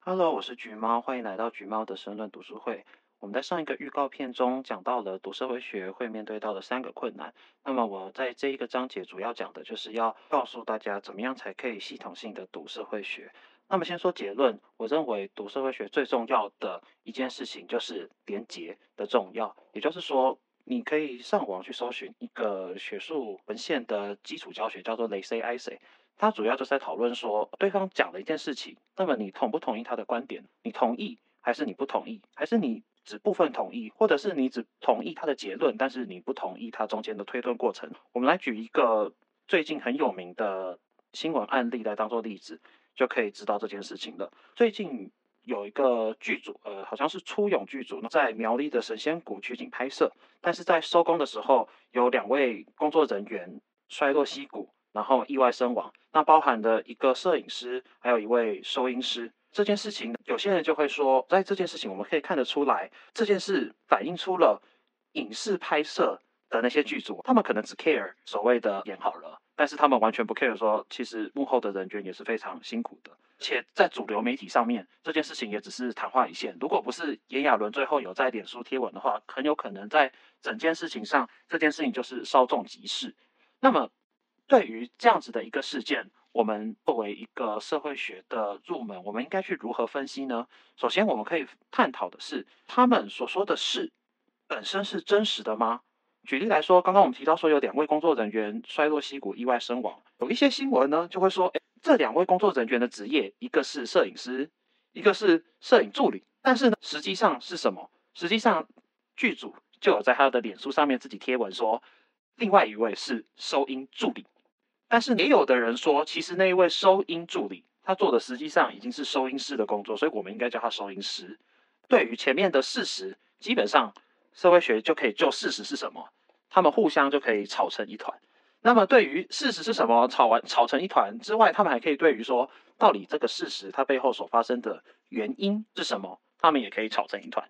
哈嘍，我是橘貓，歡迎來到橘貓的申論讀書會。我們在上一個預告片中講到了讀社會學會面對到的三個困難。那麼我在這一個章節主要講的就是要告訴大家怎麼樣才可以系統性的讀社會學。那麼先說結論，我認為讀社會學最重要的一件事情就是連結的重要，也就是說你可以上網去搜尋一個學術文獻的基礎教學，叫做 They Say I Say。他主要就是在討論說，對方講了一件事情，那麼你同不同意他的觀點？你同意還是你不同意？還是你只部分同意，或者是你只同意他的結論，但是你不同意他中間的推論過程？我們來舉一個最近很有名的新聞案例來當做例子，就可以知道這件事情了。最近有一個劇組，呃，好像是《初擁》劇組在苗栗的神仙谷取景拍攝，但是在收工的時候，有兩位工作人員摔落溪谷。然後意外身亡，那包含的一個攝影師，還有一位收音師。這件事情，有些人就會說，在這件事情，我們可以看得出來，這件事反映出了影視拍攝的那些劇組，他們可能只 care 所謂的演好了，但是他們完全不 care 說，其實幕後的人員也是非常辛苦的。而且在主流媒體上面，這件事情也只是曇花一現。如果不是炎亞綸最後有在臉書貼文的話，很有可能在整件事情上，這件事情就是稍縱即逝。那麼。對於這樣子的一個事件，我們作為一個社會學的入門，我們應該去如何分析呢？首先，我們可以探討的是，他們所說的事本身是真實的嗎？舉例來說，剛剛我們提到說有兩位工作人員摔落溪谷意外身亡，有一些新聞呢就會說，哎，這兩位工作人員的職業一個是攝影師，一個是攝影助理，但是呢，實際上是什麼？實際上劇組就有在他的臉書上面自己貼文說，另外一位是收音助理。但是也有的人說，其實那一位收音助理他做的實際上已經是收音師的工作，所以我們應該叫他收音師。對於前面的事實，基本上社會學就可以就事實是什麼，他們互相就可以吵成一團。那麼對於事實是什麼，吵完吵成一團之外，他們還可以對於說，到底這個事實它背後所發生的原因是什麼，他們也可以吵成一團。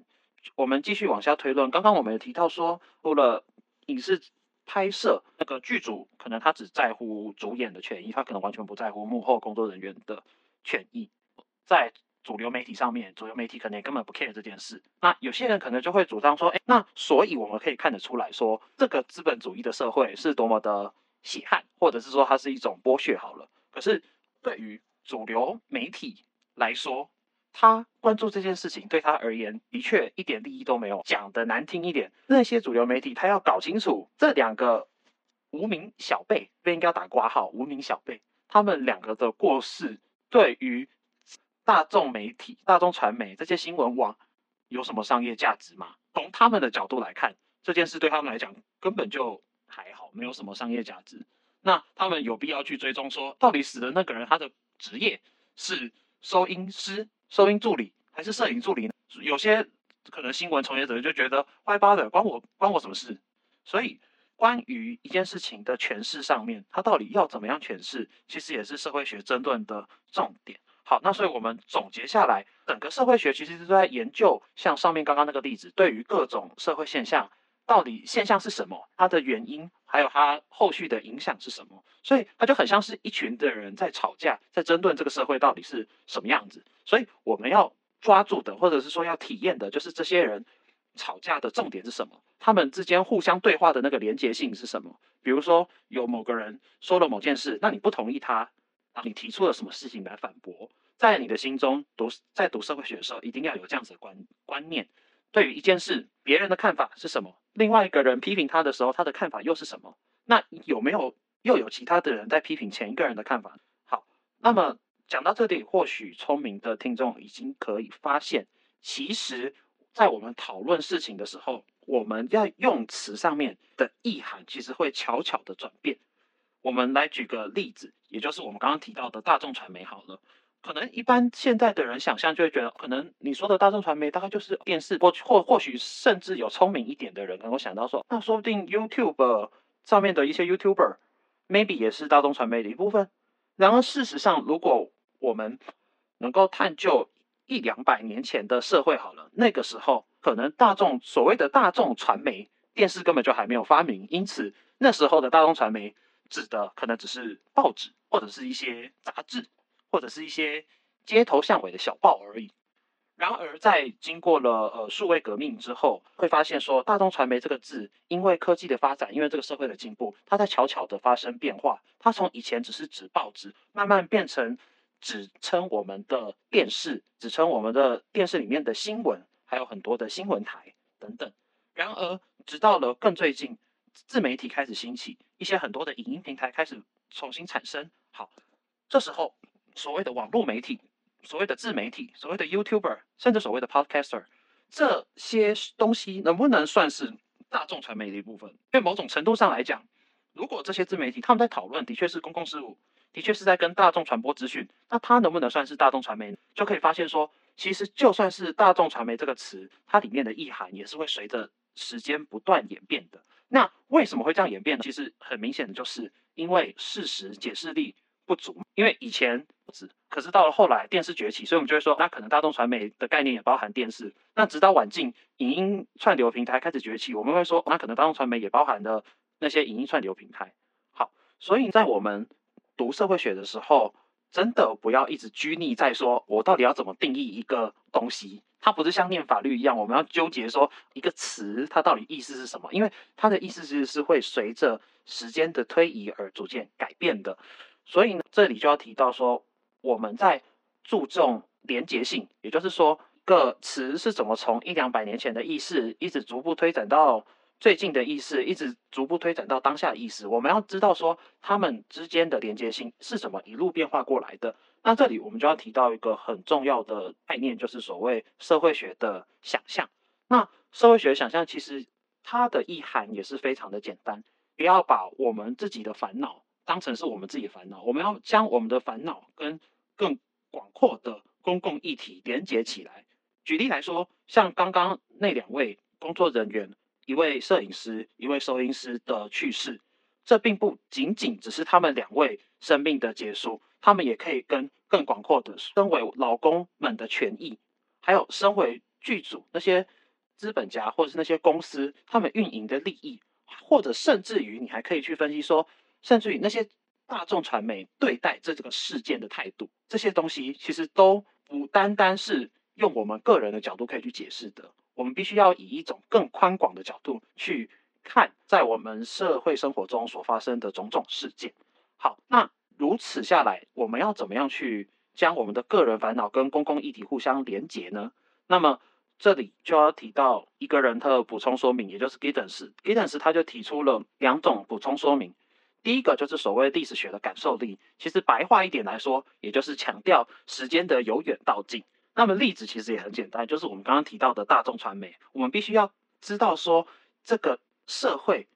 我們繼續往下推論，剛剛我們也提到說，除了影視。拍攝那個劇組，可能他只在乎主演的權益，他可能完全不在乎幕後工作人員的權益。在主流媒體上面，主流媒體可能也根本不 care 這件事。那有些人可能就會主張說，哎、欸，那所以我們可以看得出來說，這個資本主義的社會是多麼的血汗，或者是說它是一種剝削好了。可是對於主流媒體來說，他關注這件事情，對他而言的確一點利益都沒有。講得難聽一點，那些主流媒體，他要搞清楚這兩個無名小輩不應該要打括號，無名小輩他們兩個的過世，對於大眾媒體、大眾傳媒這些新聞網有什麼商業價值嗎？從他們的角度來看，這件事對他們來講根本就還好，沒有什麼商業價值。那他們有必要去追蹤，說到底死的那個人他的職業是收音師，收音助理還是攝影助理呢？有些可能新聞從業者就覺得 why bother，關我關我什麼事？所以關於一件事情的詮釋上面，它到底要怎麼樣詮釋，其實也是社會學爭論的重點。好，那所以我們總結下來，整個社會學其實是都在研究，像上面剛剛那個例子，對於各種社會現象，到底現象是什麼，它的原因，還有他後續的影響是什麼？所以他就很像是一群的人在吵架，在爭論這個社會到底是什麼樣子。所以我們要抓住的，或者是說要體驗的，就是這些人吵架的重點是什麼？他們之間互相對話的那個連結性是什麼？比如說有某個人說了某件事，那你不同意他，你提出了什麼事情來反駁，在你的心中讀，在讀社會學的時候，一定要有這樣子的觀觀念。對於一件事，別人的看法是什麼？另外一個人批評他的時候，他的看法又是什麼？那有沒有又有其他的人在批評前一個人的看法？好，那麼講到這裡，或許聰明的聽眾已經可以發現，其實，在我們討論事情的時候，我們要用詞上面的意涵，其實會悄悄的轉變。我們來舉個例子，也就是我們剛剛提到的大眾傳媒好了。可能一般現在的人想象就會覺得，可能你說的大眾傳媒大概就是電視。或或或許甚至有聰明一點的人能夠想到說，那說不定 YouTube 上面的一些 YouTuber maybe 也是大眾傳媒的一部分。然而事實上，如果我們能夠探究一兩百年前的社會好了，那個時候可能大眾所謂的大眾傳媒電視根本就還沒有發明，因此那時候的大眾傳媒指的可能只是報紙或者是一些雜誌。或者是一些街頭巷尾的小報而已。然而，在經過了呃數位革命之後，會發現說“大眾傳媒”這個字，因為科技的發展，因為這個社會的進步，它在悄悄地發生變化。它從以前只是指報紙，慢慢變成指稱我們的電視，指稱我們的電視裡面的新聞，還有很多的新聞台等等。然而，直到了更最近，自媒體開始興起，一些很多的影音平台開始重新產生。好，這時候。所謂的網絡媒體、所謂的自媒體、所謂的 YouTuber，甚至所謂的 Podcaster，這些東西能不能算是大眾傳媒的一部分？因為某種程度上來講，如果這些自媒體他們在討論，的確是公共事務，的確是在跟大眾傳播資訊，那它能不能算是大眾傳媒？就可以發現說，其實就算是大眾傳媒這個詞，它裡面的意涵也是會隨着時間不斷演變的。那為什麼會這樣演變呢？其實很明顯的就是因為事實解釋力不足，因為以前。可是到了後來，電視崛起，所以我們就會說，那可能大眾傳媒的概念也包含電視。那直到晚近，影音串流平台開始崛起，我們會說，那可能大眾傳媒也包含了那些影音串流平台。好，所以在我們讀社會學的時候，真的不要一直拘泥在說我到底要怎麼定義一個東西，它不是像念法律一樣，我們要糾結說一個詞它到底意思是什麼，因為它的意思其實是會隨着時間的推移而逐漸改變的。所以呢，這裡就要提到說。我們在注重連結性，也就是說，個詞是怎麼從一兩百年前的意思一直逐步推展到最近的意思，一直逐步推展到當下的意思，我們要知道說，他們之間的連結性是怎麼一路變化過來的。那這裡我們就要提到一個很重要的概念，就是所謂社會學的想象。那社會學想象其實它的意涵也是非常的簡單，不要把我們自己的煩惱。當成是我們自己煩惱，我們要將我們的煩惱跟更廣闊的公共議題連結起來。舉例來說，像剛剛那兩位工作人員，一位攝影師，一位收音師的去世，這並不僅僅只是他們兩位生命的結束，他們也可以跟更廣闊的身為勞工們的權益，還有身為劇組那些資本家或者是那些公司他們運營的利益，或者甚至於你還可以去分析說。甚至於那些大眾傳媒對待這個事件的態度，這些東西其實都不單單是用我們個人的角度可以去解釋的。我們必須要以一種更寬廣的角度去看，在我們社會生活中所發生的種種事件。好，那如此下來，我們要怎麼樣去將我們的個人煩惱跟公共議題互相連結呢？那麼這裡就要提到一個人他的補充說明，也就是 Giddens，Giddens Giddens 他就提出了兩種補充說明。第一個就是所謂歷史學的感受力，其實白話一點來說，也就是強調時間的由遠到近。那麼例子其實也很簡單，就是我們剛剛提到的大眾傳媒。我們必須要知道說，這個社會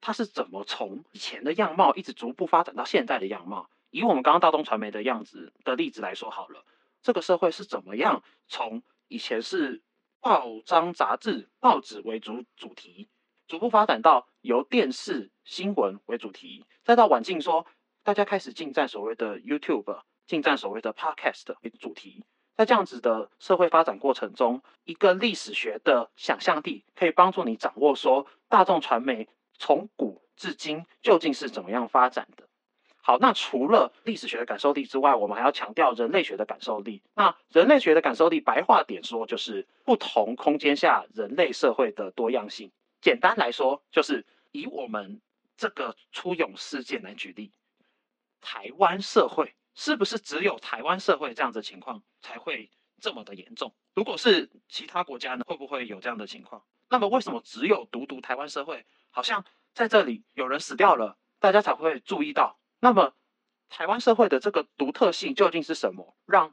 它是怎麼從以前的樣貌一直逐步發展到現在的樣貌。以我們剛剛大眾傳媒的樣子的例子來說好了，這個社會是怎麼樣從以前是報章、雜誌、報紙為主主題。逐步發展到由電視新聞為主題，再到晚近說，大家開始進站所謂的 YouTube，進站所謂的 Podcast 為主題。在這樣子的社會發展過程中，一個歷史學的想象力可以幫助你掌握說，大眾傳媒從古至今究竟是怎麼樣發展的。好，那除了歷史學的感受力之外，我們還要強調人類學的感受力。那人類學的感受力，白話點說就是不同空間下人類社會的多樣性。簡單來說，就是以我們這個初擁事件來舉例，台灣社會是不是只有台灣社會這樣的情況才會這麼的嚴重？如果是其他國家呢，會不會有這樣的情況？那麼為什麼只有獨獨台灣社會，好像在這裡有人死掉了，大家才會注意到？那麼台灣社會的這個獨特性究竟是什麼，讓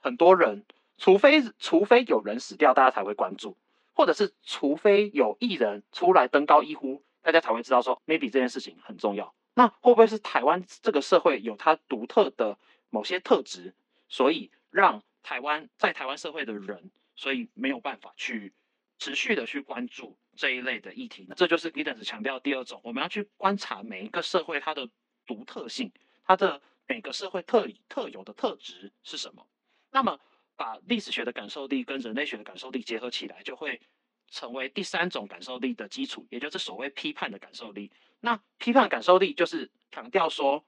很多人除非除非有人死掉，大家才會關注？或者是，除非有藝人出來登高一呼，大家才會知道說，maybe 這件事情很重要。那會不會是台灣這個社會有它獨特的某些特質，所以讓台灣在台灣社會的人，所以沒有辦法去持續的去關注這一類的議題。那這就是 Giddens 強調第二種，我們要去觀察每一個社會它的獨特性，它的每個社會特特有的特質是什麼。那麼。把歷史學的感受力跟人類學的感受力結合起來，就會成為第三種感受力的基礎，也就是所謂批判的感受力。那批判的感受力就是強調說，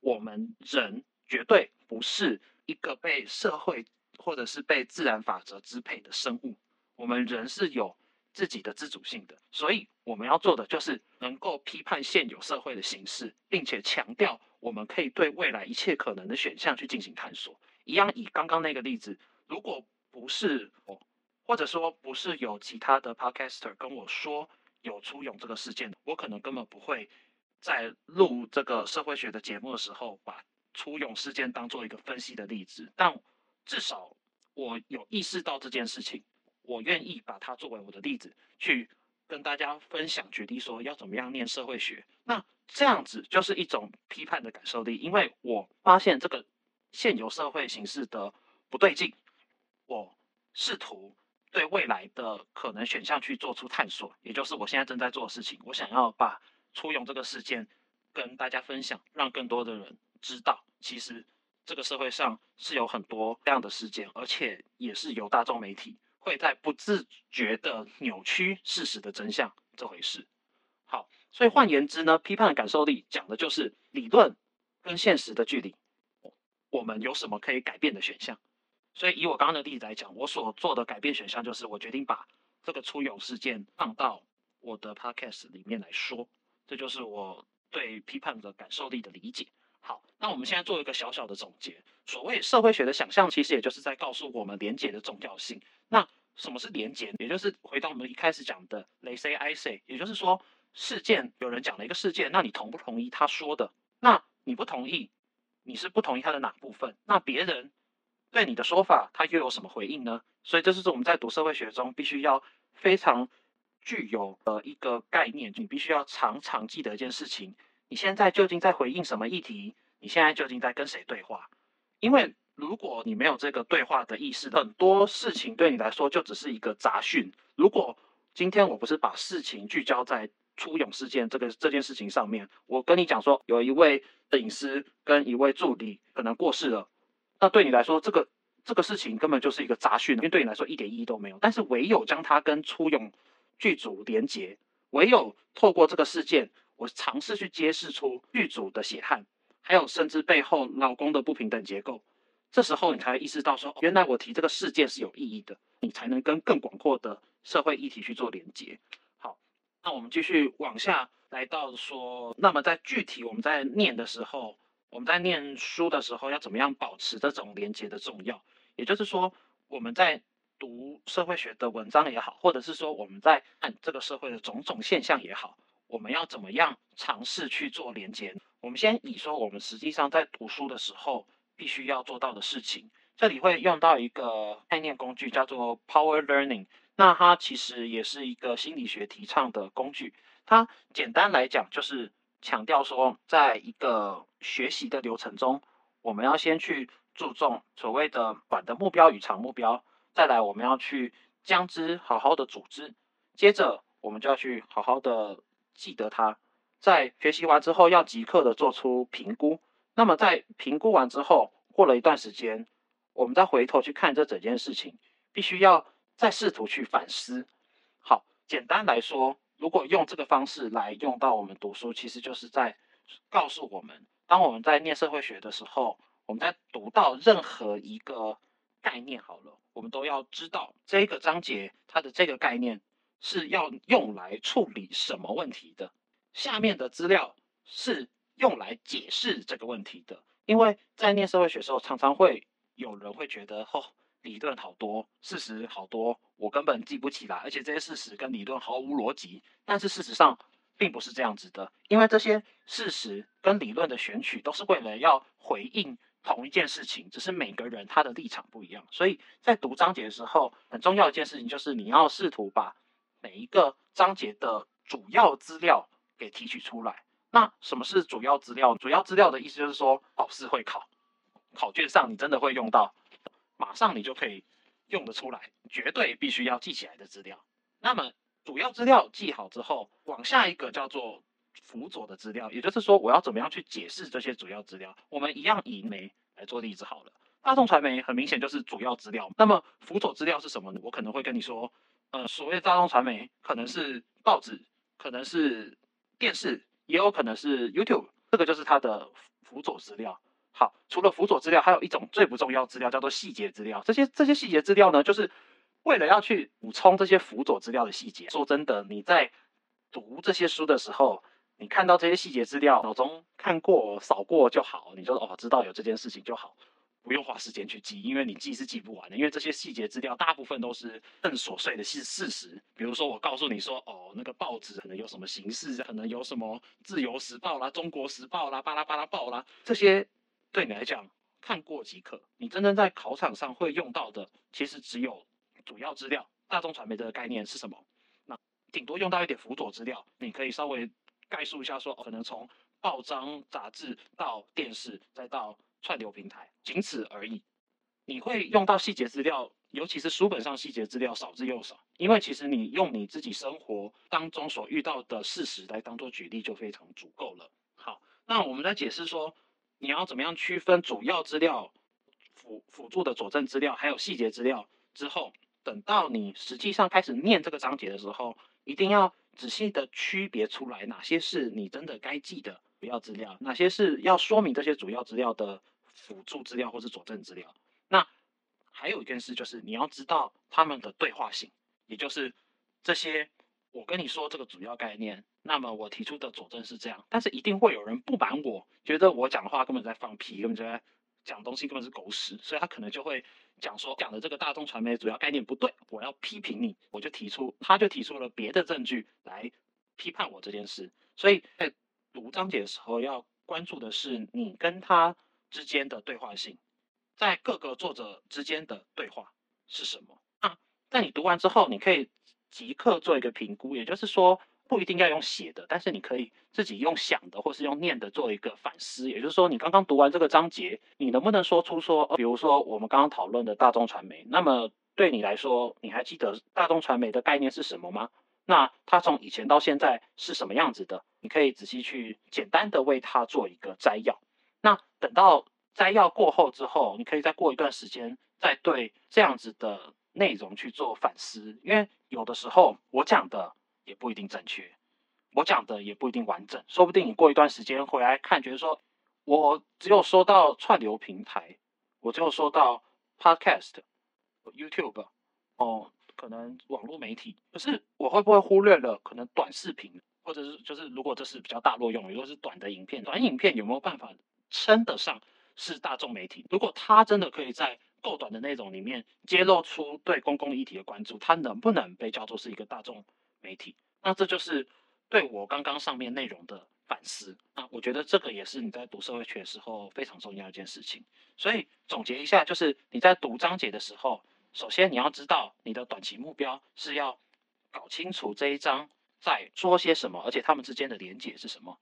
我們人絕對不是一個被社會或者是被自然法則支配的生物，我們人是有自己的自主性的。所以我們要做的就是能夠批判現有社會的形式，並且強調我們可以對未來一切可能的選項去進行探索。一樣以剛剛那個例子，如果不是我，或者說不是有其他的 podcaster 跟我說有初擁這個事件，我可能根本不會在錄這個社會學的節目的時候把初擁事件當做一個分析的例子。但至少我有意識到這件事情，我願意把它作為我的例子去跟大家分享，決定說要怎麼樣念社會學。那這樣子就是一種批判的感受力，因為我發現這個。現有社會形式的不對勁，我試圖對未來的可能選項去做出探索，也就是我現在正在做的事情。我想要把初擁這個事件跟大家分享，讓更多的人知道，其實這個社會上是有很多這樣的事件，而且也是由大眾媒體會在不自覺的扭曲事實的真相這回事。好，所以換言之呢，批判的感受力講的就是理論跟現實的距離。我們有什麼可以改變的選項？所以以我剛剛的例子來講，我所做的改變選項就是我決定把這個初擁事件放到我的 podcast 裡面來說。這就是我對批判的感受力的理解。好，那我們現在做一個小小的總結。所謂社會學的想象，其實也就是在告訴我們連結的重要性。那什麼是連結？也就是回到我們一開始講的 They say I say，也就是說事件有人講了一個事件，那你同不同意他說的？那你不同意，你是不同意他的哪部分？那別人對你的說法，他又有什麼回應呢？所以這是我們在讀社會學中必須要非常具有的一個概念，你必須要常常記得一件事情：你現在究竟在回應什麼議題？你現在究竟在跟誰對話？因為如果你沒有這個對話的意識，很多事情對你來說就只是一個雜訊。如果今天我不是把事情聚焦在初擁事件這個這件事情上面，我跟你講說，有一位攝影師跟一位助理可能過世了，那對你來說，這個這個事情根本就是一個雜訊，因為對你來說一點意義都沒有。但是唯有將它跟初擁劇組連結，唯有透過這個事件，我嘗試去揭示出劇組的血汗，還有甚至背後勞工的不平等結構，這時候你才意識到說、哦，原來我提這個事件是有意義的，你才能跟更廣闊的社會議題去做連結。那我們繼續往下來到說，那麼在具體我們在念的時候，我們在念書的時候要怎麼樣保持這種連結的重要？也就是說，我們在讀社會學的文章也好，或者是說我們在看這個社會的種種現象也好，我們要怎麼樣嘗試去做連結？我們先以說我們實際上在讀書的時候必須要做到的事情，這裡會用到一個概念工具，叫做 Power Learning。那它其實也是一個心理學提倡的工具。它簡單來講，就是強調說，在一個學習的流程中，我們要先去注重所謂的短的目標與長目標，再來我們要去將之好好的組織，接着我們就要去好好的記得它。在學習完之後，要即刻的做出評估。那麼在評估完之後，過了一段時間，我們再回頭去看這整件事情，必須要。在試圖去反思。好，簡單來說，如果用這個方式來用到我們讀書，其實就是在告訴我們：當我們在念社會學的時候，我們在讀到任何一個概念，好了，我們都要知道這個章節它的這個概念是要用來處理什麼問題的。下面的資料是用來解釋這個問題的。因為在念社會學的時候，常常會有人會覺得，哦。理論好多，事實好多，我根本記不起來。而且這些事實跟理論毫無邏輯。但是事實上並不是這樣子的，因為這些事實跟理論的選取都是為了要回應同一件事情，只是每個人他的立場不一樣。所以在讀章節的時候，很重要一件事情就是你要試圖把每一個章節的主要資料給提取出來。那什麼是主要資料？主要資料的意思就是說，老師會考，考卷上你真的會用到。馬上你就可以用得出來，絕對必須要記起來的資料。那麼主要資料記好之後，往下一個叫做輔佐的資料，也就是說我要怎麼樣去解釋這些主要資料，我們一樣以媒來做例子好了。大眾傳媒很明顯就是主要資料，那麼輔佐資料是什麼呢？我可能會跟你說，呃，所謂大眾傳媒可能是報紙，可能是電視，也有可能是 YouTube，這個就是它的輔佐資料。好，除了輔佐資料，還有一種最不重要資料叫做細節資料。這些這些細節資料呢，就是為了要去補充這些輔佐資料的細節。說真的，你在讀這些書的時候，你看到這些細節資料，腦中看過掃過就好，你就哦知道有這件事情就好，不用花時間去記，因為你記是記不完的。因為這些細節資料大部分都是更瑣碎的事實。比如說我告訴你說，哦，那個報紙可能有什麼形式，可能有什麼《自由時報》啦，《中國時報》啦，巴拉巴拉報啦這些。對你來講，看過即可。你真正在考場上會用到的，其實只有主要資料。大眾傳媒的概念是什麼？那頂多用到一點輔佐資料，你可以稍微概述一下說，說、哦、可能從報章、雜誌到電視，再到串流平台，僅此而已。你會用到細節資料，尤其是書本上細節資料少之又少，因為其實你用你自己生活當中所遇到的事實來當作舉例，就非常足夠了。好，那我們再解釋說。你要怎麼樣區分主要資料、輔輔助的佐證資料，還有細節資料？之後，等到你實際上開始念這個章節的時候，一定要仔細的區別出來，哪些是你真的該記的主要資料，哪些是要說明這些主要資料的輔助資料或是佐證資料。那還有一件事就是，你要知道他們的對話性，也就是這些。我跟你說這個主要概念，那麼我提出的佐證是這樣，但是一定會有人不滿，我覺得我講的話根本在放屁，根本在講東西根本是狗屎，所以他可能就會講說講的這個大眾傳媒主要概念不對，我要批評你，我就提出，他就提出了別的證據來批判我這件事，所以在讀章節的時候要關注的是你跟他之間的對話性，在各個作者之間的對話是什麼？那，啊，在你讀完之後，你可以。即刻做一個評估，也就是說，不一定要用寫的，但是你可以自己用想的，或是用念的做一個反思。也就是說，你剛剛讀完這個章節，你能不能說出說，比如說我們剛剛討論的大眾傳媒，那麼對你來說，你還記得大眾傳媒的概念是什麼嗎？那它從以前到現在是什麼樣子的？你可以仔細去簡單的為它做一個摘要。那等到摘要過後之後，你可以再過一段時間，再對這樣子的內容去做反思，因為。有的時候我講的也不一定正確，我講的也不一定完整。說不定你過一段時間回來看，覺得說，我只有說到串流平台，我只有說到 podcast、YouTube，哦，可能網絡媒體。可是我會不會忽略了可能短視頻，或者是就是如果這是比較大作用，如果是短的影片，短影片有沒有辦法稱得上是大眾媒體？如果它真的可以在夠短的內容裡面揭露出對公共議題的關注，它能不能被叫做是一個大眾媒體？那這就是對我剛剛上面內容的反思。那我覺得這個也是你在讀社會學的時候非常重要的一件事情。所以總結一下，就是你在讀章節的時候，首先你要知道你的短期目標是要搞清楚這一章在說些什麼，而且他們之間的連結是什麼。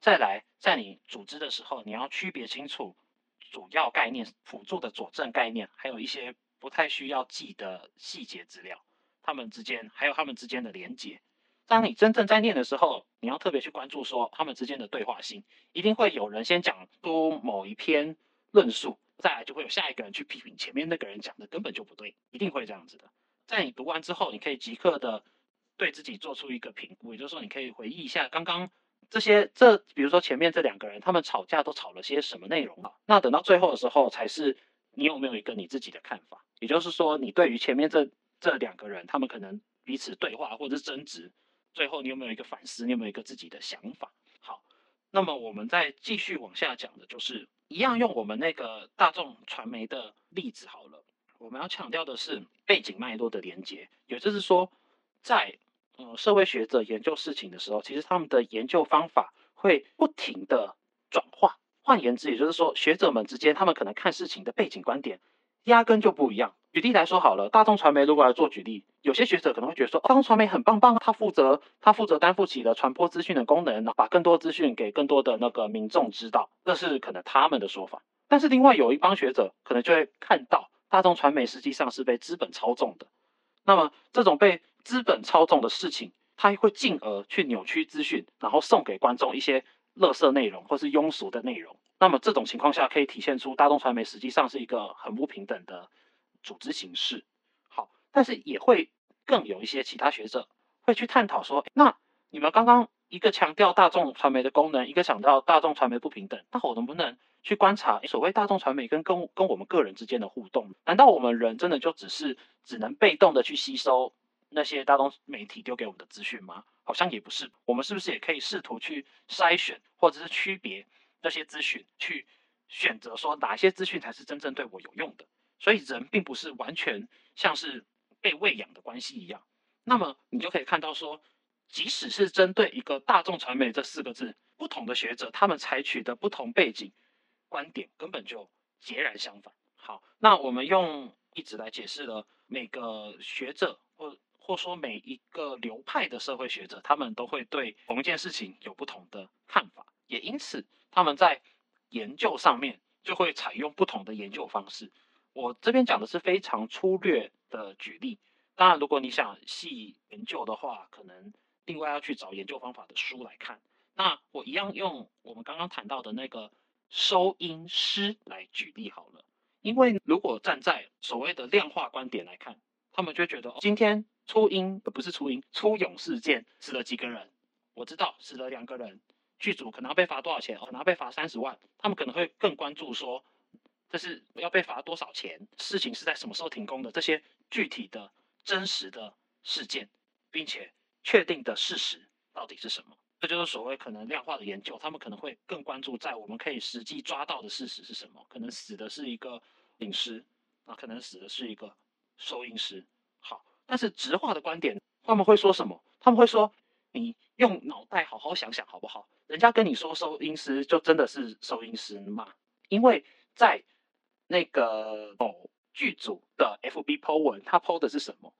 再來，在你組織的時候，你要區別清楚。主要概念、輔助的佐證概念，還有一些不太需要記的細節資料，他們之間還有他們之間的連接。當你真正在念的時候，你要特別去關注說他們之間的對話性，一定會有人先講出某一篇論述，再來就會有下一個人去批評前面那個人講的根本就不對，一定會這樣子的。在你讀完之後，你可以即刻的對自己做出一個評估，也就是說你可以回憶一下剛剛。這些，這比如說前面這兩個人，他們吵架都吵了些什麼內容啊？那等到最後的時候，才是你有沒有一個你自己的看法？也就是說，你對於前面這這兩個人，他們可能彼此對話或者爭執，最後你有沒有一個反思？你有沒有一個自己的想法？好，那麼我們再繼續往下講的就是，一樣用我們那個大眾傳媒的例子好了。我們要強調的是背景脈絡的連結，也就是說，在。嗯，社會學者研究事情的時候，其實他們的研究方法會不停的轉化。換言之，也就是說，學者們之間，他們可能看事情的背景觀點，壓根就不一樣。舉例來說，好了，大眾傳媒如果來做舉例，有些學者可能會覺得說，大眾傳媒很棒棒啊，他負責他負責擔負起了傳播資訊的功能，然後把更多資訊給更多的那個民眾知道，這是可能他們的說法。但是另外有一幫學者，可能就會看到，大眾傳媒實際上是被資本操縱的。那麼這種被。資本操縱的事情，它會進而去扭曲資訊，然後送給觀眾一些垃圾內容或是庸俗的內容。那麼這種情況下，可以體現出大眾傳媒實際上是一個很不平等的組織形式。好，但是也會更有一些其他學者會去探討說：那你們剛剛一個強調大眾傳媒的功能，一個強調大眾傳媒不平等，那我能不能去觀察所謂大眾傳媒跟跟跟我們個人之間的互動？難道我們人真的就只是只能被動的去吸收？那些大眾媒體丟給我們的資訊嗎？好像也不是。我們是不是也可以試圖去篩選或者是區別那些資訊，去選擇說哪些資訊才是真正對我有用的？所以人並不是完全像是被餵養的關係一樣。那麼你就可以看到說，即使是針對一個“大眾傳媒”這四個字，不同的學者他們採取的不同背景觀點，根本就截然相反。好，那我們用一直來解釋了每個學者或。或說，每一個流派的社會學者，他們都會對同一件事情有不同的看法，也因此他們在研究上面就會採用不同的研究方式。我這邊講的是非常粗略的舉例，當然，如果你想細研究的話，可能另外要去找研究方法的書來看。那我一樣用我們剛剛談到的那個收音師來舉例好了，因為如果站在所謂的量化觀點來看，他們就覺得，哦，今天。初音不是初音，初擁事件死了幾個人？我知道死了兩個人，劇組可能要被罰多少錢？可能要被罰三十萬，他們可能會更關注說，這是要被罰多少錢，事情是在什麼時候停工的，這些具體的真實的事件，並且確定的事實到底是什麼？這就是所謂可能量化的研究，他們可能會更關注在我們可以實際抓到的事實是什麼？可能死的是一個影師，啊，可能死的是一個收音師。但是質化的觀點，他們會說什麼？他們會說：“你用腦袋好好想想，好不好？人家跟你說收音師就真的是收音師嗎？因為在那個某劇組的 FB po 文，他 po 的是什麼？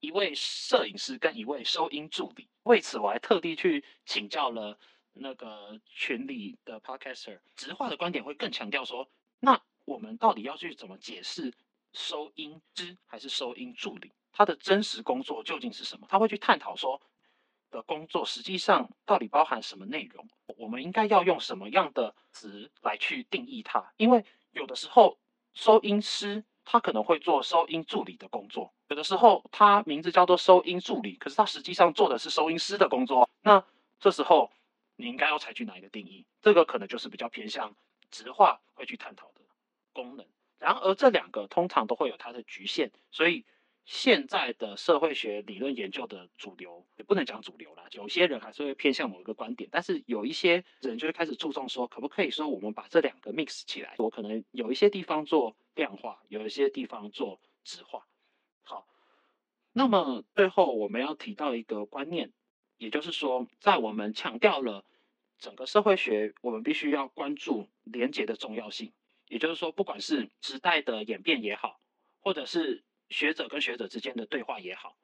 一位攝影師跟一位收音助理。為此，我還特地去請教了那個群裡的 podcaster。質化的觀點會更強調說：那我們到底要去怎麼解釋收音師還是收音助理？”他的真實工作究竟是什麼？他會去探討說的工作實際上到底包含什麼內容？我們應該要用什麼樣的詞來去定義它？因為有的時候收音師他可能會做收音助理的工作，有的時候他名字叫做收音助理，可是他實際上做的是收音師的工作。那這時候你應該要採取哪一個定義？這個可能就是比較偏向質化會去探討的功能。然而這兩個通常都會有它的局限，所以。現在的社會學理論研究的主流，也不能講主流啦，有些人還是會偏向某一個觀點，但是有一些人就會開始注重說，可不可以說我們把這兩個 mix 起來？我可能有一些地方做量化，有一些地方做質化。好，那麼最後我們要提到一個觀念，也就是說，在我們強調了整個社會學，我們必須要關注連結的重要性。也就是說，不管是時代的演變也好，或者是學者跟學者之間的對話也好，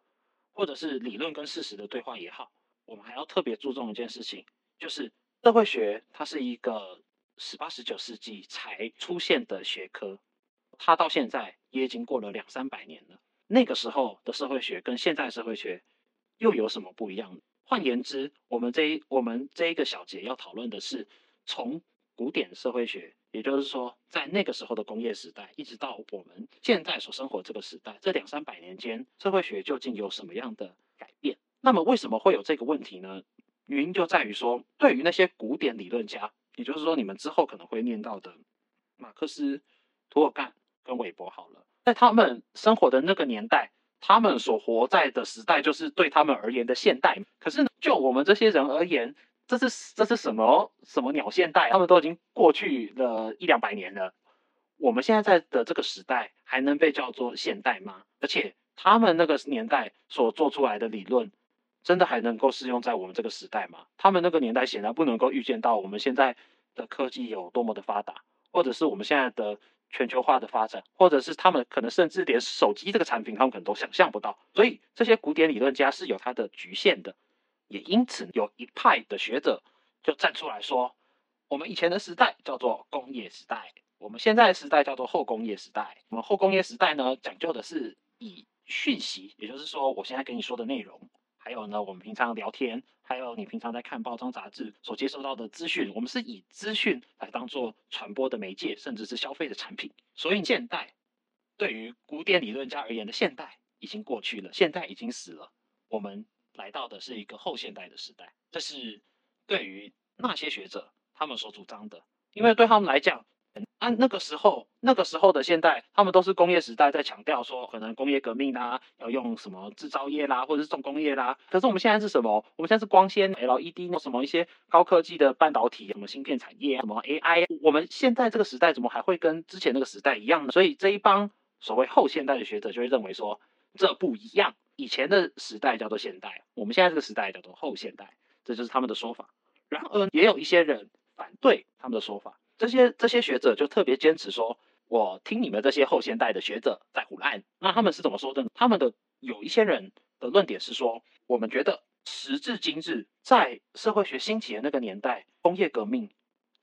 或者是理論跟事實的對話也好，我們還要特別注重一件事情，就是社會學它是一個十八十九世紀才出現的學科，它到現在也已經過了兩三百年了。那個時候的社會學跟現在的社會學又有什麼不一樣？換言之，我們這一我們這一個小節要討論的是從。古典社會學，也就是說，在那個時候的工業時代，一直到我們現在所生活這個時代，這兩三百年間，社會學究竟有什麼樣的改變？那麼，為什麼會有這個問題呢？原因就在於說，對於那些古典理論家，也就是說，你們之後可能會念到的馬克思、涂爾幹跟韋伯，好了，在他們生活的那個年代，他們所活在的時代，就是對他們而言的現代。可是呢，就我們這些人而言，這是這是什麼什麼鳥現代啊？他們都已經過去了一兩百年了，我們現在在的這個時代還能被叫做現代嗎？而且他們那個年代所做出來的理論，真的還能夠適用在我們這個時代嗎？他們那個年代顯然不能夠預見到我們現在的科技有多麼的發達，或者是我們現在的全球化的發展，或者是他們可能甚至連手機這個產品他們可能都想象不到。所以這些古典理論家是有它的局限的。也因此，有一派的學者就站出來說：“我們以前的時代叫做工業時代，我們現在的時代叫做後工業時代。我們後工業時代呢，講究的是以訊息，也就是說，我現在跟你說的內容，還有呢，我們平常聊天，還有你平常在看報章雜誌所接收到的資訊，我們是以資訊來當做傳播的媒介，甚至是消費的產品。所以，現代對於古典理論家而言的現代已經過去了，現代已經死了。我們。”來到的是一個後現代的時代，這是對於那些學者他們所主張的，因為對他們來講，按、嗯啊、那個時候那個時候的現代，他們都是工業時代，在強調說可能工業革命啦、啊，要用什麼製造業啦、啊，或者是重工業啦、啊。可是我們現在是什麼？我們現在是光纖、LED，或什麼一些高科技的半導體，什麼芯片產業，什麼 AI。我們現在這個時代怎麼還會跟之前那個時代一樣呢？所以這一幫所謂後現代的學者就會認為說，這不一樣。以前的時代叫做現代，我們現在這個時代叫做後現代，這就是他們的說法。然而，也有一些人反對他們的說法，這些這些學者就特別堅持說：“我聽你們這些後現代的學者在唬爛。”那他們是怎麼說的呢？他們的有一些人的論點是說，我們覺得時至今日，在社會學興起的那個年代，工業革命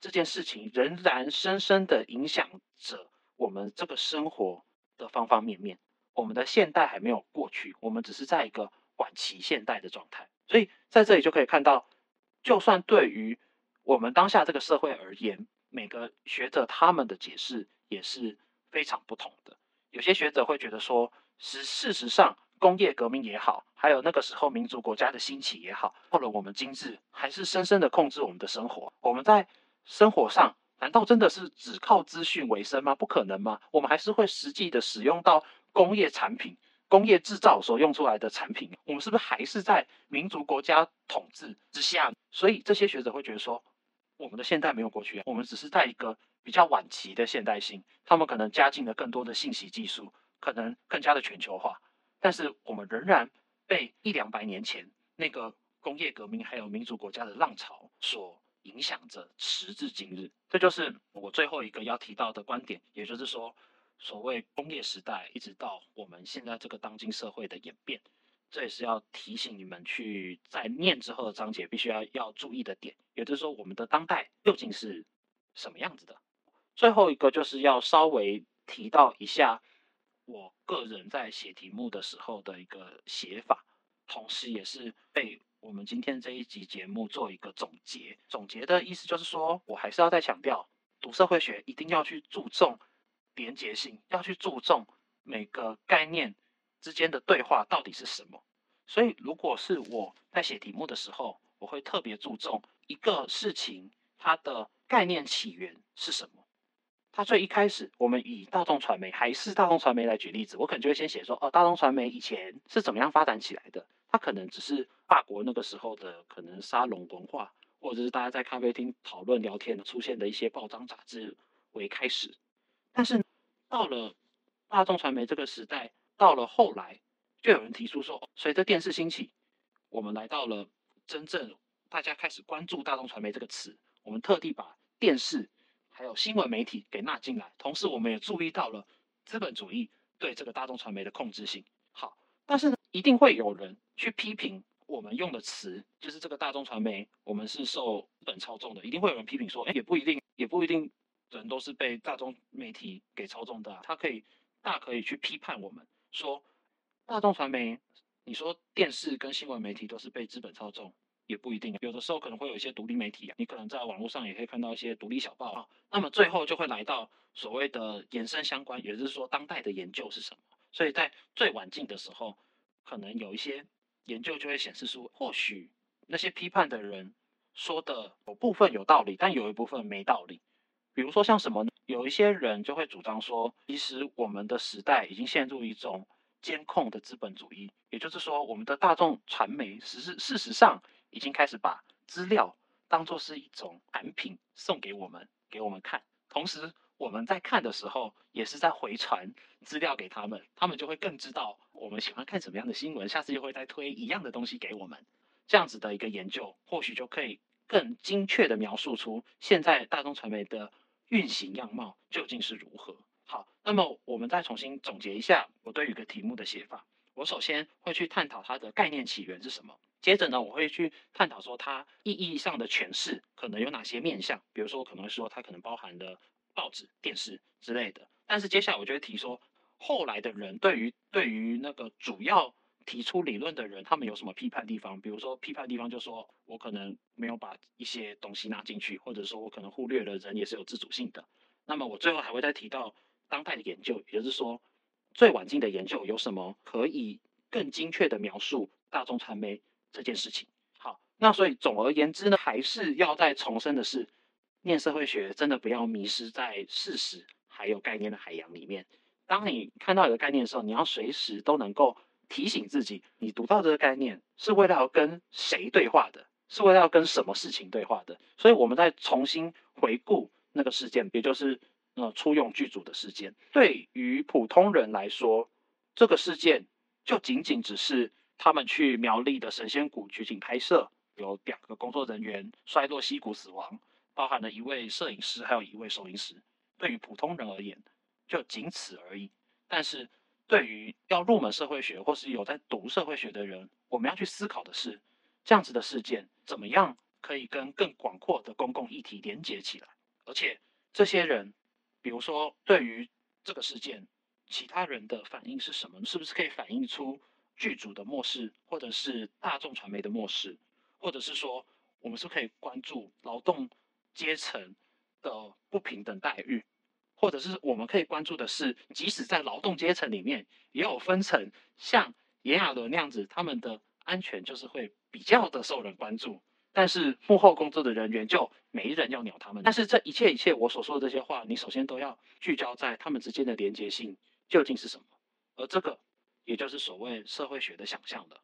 這件事情仍然深深地影響着我們這個生活的方方面面。我們的現代還沒有過去，我們只是在一個晚期現代的狀態，所以在這裡就可以看到，就算對於我們當下這個社會而言，每個學者他們的解釋也是非常不同的。有些學者會覺得說，是事實上工業革命也好，還有那個時候民族國家的興起也好，到了我們今日還是深深的控制我們的生活。我們在生活上難道真的是只靠資訊為生嗎？不可能嗎？我們還是會實際的使用到。工業產品、工業製造所用出來的產品，我們是不是還是在民族國家統治之下？所以這些學者會覺得說，我們的現代沒有過去啊，我們只是在一個比較晚期的現代性。他們可能加進了更多的信息技術，可能更加的全球化，但是我們仍然被一兩百年前那個工業革命還有民族國家的浪潮所影響着，時至今日。這就是我最後一個要提到的觀點，也就是說。所謂工業時代，一直到我們現在這個當今社會的演變，這也是要提醒你們去在念之後的章節必須要要注意的點。也就是說，我們的當代究竟是什麼樣子的？最後一個就是要稍微提到一下我個人在寫題目的時候的一個寫法，同時也是被我們今天這一集節目做一個總結。總結的意思就是說，我還是要再強調，讀社會學一定要去注重，連結性，要去注重每個概念之間的對話到底是什麼，所以如果是我在寫題目的時候，我會特別注重一個事情它的概念起源是什麼。它最一開始，我們以大眾傳媒還是大眾傳媒來舉例子，我可能就會先寫說哦、啊，大眾傳媒以前是怎麼樣發展起來的？它可能只是法國那個時候的可能沙龍文化，或者是大家在咖啡廳討論聊天出現的一些報章雜誌為開始，但是呢。到了大眾傳媒這個時代，到了後來，就有人提出說，隨着電視興起，我們來到了真正大家開始關注大眾傳媒這個詞。我們特地把電視還有新聞媒體給納進來，同時我們也注意到了資本主義對這個大眾傳媒的控制性。好，但是呢，一定會有人去批評我們用的詞，就是這個大眾傳媒，我們是受資本操縱的，一定會有人批評說，欸，也不一定，也不一定。人都是被大眾媒體給操縱的啊，他可以大可以去批判我們，說大眾傳媒，你說電視跟新聞媒體都是被資本操縱，也不一定。有的時候可能會有一些獨立媒體啊，你可能在網絡上也可以看到一些獨立小報啊。那麼最後就會來到所謂的延伸相關，也就是說，當代的研究是什麼？所以在最晚近的時候，可能有一些研究就會顯示出，或許那些批判的人說的有部分有道理，但有一部分沒道理。比如說像什麼呢？有一些人就會主張說，其實我們的時代已經陷入一種監控的資本主義，也就是說，我們的大眾傳媒實事實上已經開始把資料當做是一種產品送給我們，給我們看。同時，我們在看的時候也是在回傳資料給他們，他們就會更知道我們喜歡看什麼樣的新聞，下次又會再推一樣的東西給我們。這樣子的一個研究，或許就可以更精確地描述出現在大眾傳媒的。運行樣貌究竟是如何？好，那麼我們再重新總結一下我對於一個題目的寫法。我首先會去探討它的概念起源是什麼，接着呢，我會去探討說它意義上的詮釋可能有哪些面向。比如說，可能會說它可能包含了報紙、電視之類的。但是接下來我就會提說，後來的人對於對於那個主要。提出理論的人，他們有什麼批判的地方？比如說，批判的地方就說我可能沒有把一些東西拿進去，或者說我可能忽略了人也是有自主性的。那麼我最後還會再提到當代的研究，也就是說最晚近的研究有什麼可以更精確地描述大眾傳媒這件事情。好，那所以總而言之呢，還是要再重申的是，念社會學真的不要迷失在事實還有概念的海洋裡面。當你看到一個概念的時候，你要隨時都能夠。提醒自己，你讀到這個概念是為了要跟誰對話的？是為了要跟什麼事情對話的？所以，我們再重新回顧那個事件，也就是，呃，初擁劇組的事件。對於普通人來說，這個事件就僅僅只是他們去苗栗的神仙谷取景拍攝，有兩個工作人員摔落溪谷死亡，包含了一位攝影師，還有一位收音師。對於普通人而言，就僅此而已。但是，對於要入門社會學，或是有在讀社會學的人，我們要去思考的是，這樣子的事件怎麼樣可以跟更廣闊的公共議題連接起來？而且，這些人，比如說對於這個事件，其他人的反應是什麼？是不是可以反映出劇組的漠視，或者是大眾傳媒的漠視，或者是說，我們是不是可以關注勞動階層的不平等待遇？或者是我們可以關注的是，即使在勞動階層裡面，也有分層，像炎亞綸那樣子，他們的安全就是會比較的受人關注，但是幕後工作的人員就沒人要鳥他們。但是這一切一切，我所說的這些話，你首先都要聚焦在他們之間的連結性究竟是什麼，而這個，也就是所謂社會學的想象的。